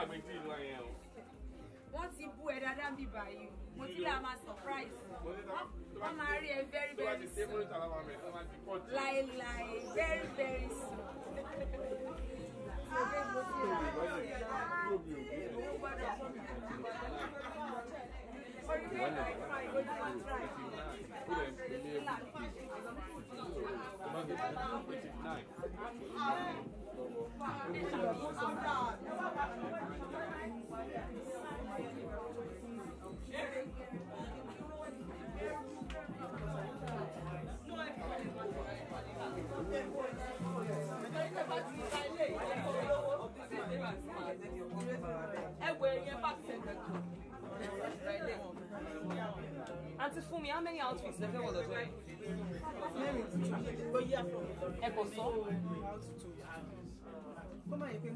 gbàgbé tí ìlú ayẹ o. wọ́n ti bú ẹ dáadáa bí báyìí mo ti là máa surprise wọ́n máa rí ẹ very very soon láéláé very very soon. Thank you. ti fún how many outfits lè fẹ́ wọ̀ lọ́jọ́ yìí. mẹ́rin bóyá fún mi lọ. ẹ kò sọ. kó má yẹ pé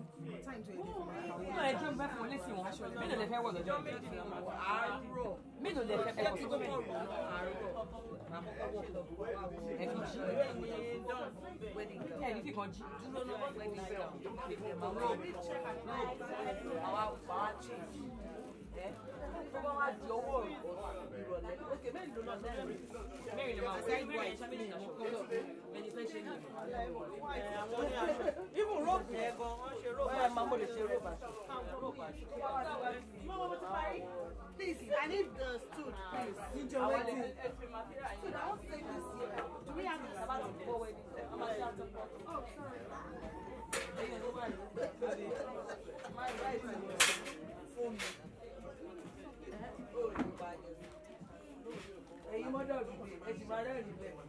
time tó yẹ kí n máa. kó má yẹ kí n bá fún ọ lẹ́sìn wọn aṣọ mélòó lè fẹ́ wọ̀ lọ́jọ́ yìí. àárọ̀ mélòó lè fẹ́ ẹ kò sọ. ẹ fi jí. ẹ ní fi kan jí. dúró náà wedding bell. àwa àwa change. ẹ tó bá wá di owó rẹ̀ ok mẹ́rin ló lọ mẹ́rin mẹ́rin ló máa wọ ẹni mẹ́rin ẹ̀ṣẹ́ méjì aṣọ ẹni fẹ́ ṣe nìyí. àwọn ní aṣọ ibùn róòpù yẹn gan wọ́n ṣe róòpù aṣọ. please I need the stool please. níjọ wẹ́ẹ̀dì stool take this. devagarzinho, né?